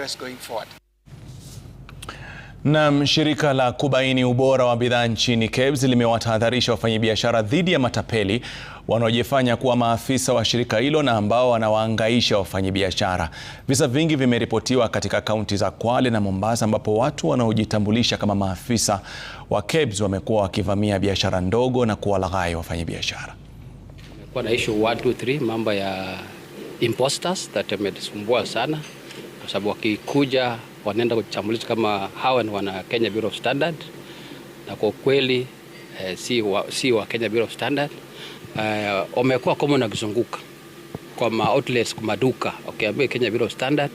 progress going forward. Naam, shirika la kubaini ubora wa bidhaa nchini KEBS limewatahadharisha wafanyabiashara dhidi ya matapeli wanaojifanya kuwa maafisa wa shirika hilo na ambao wanawaangaisha wafanyabiashara. Visa vingi vimeripotiwa katika kaunti za Kwale na Mombasa ambapo watu wanaojitambulisha kama maafisa wa KEBS wamekuwa wakivamia biashara ndogo na kuwalaghai wafanyabiashara. Kumekuwa na issue 1 2 3 mambo ya imposters that yamesumbua sana sababu wakikuja wanaenda kujitambulisha kama hawa ni wana Kenya Bureau of Standard, na kwa kweli eh, si, wa, si wa Kenya Bureau of Standard eh, wamekuwa eh, kama wanakizunguka kwa ma outlets kwa maduka ukiambia, okay, Kenya Bureau of Standard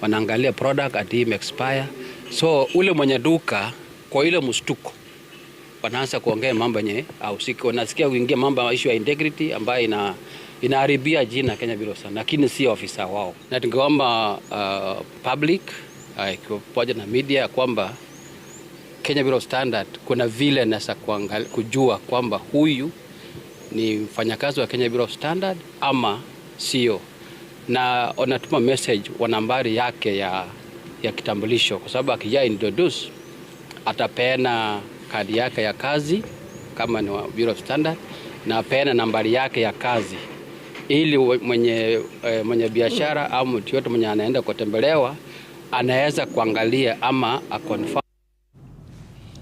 wanaangalia product hadi expire, so ule mwenye duka kwa ile mshtuko wanaanza kuongea mambo yenye ahusiki, wanasikia kuingia mambo issue ya integrity ambayo ina inaharibia jina Kenya Bureau of Standards, lakini si ofisa wao, na tungeomba uh, public uh, pamoja na media ya kwamba Kenya Bureau of Standards kuna vile nasa kujua kwamba huyu ni mfanyakazi wa Kenya Bureau of Standards ama sio, na wanatuma message wa nambari yake ya, ya kitambulisho, kwa sababu akija introduce atapeana kadi yake ya kazi kama ni wa Bureau of Standards na apeana nambari yake ya kazi ili mwenye, eh, mwenye biashara au mtu yote mwenye anaenda kutembelewa anaweza kuangalia ama a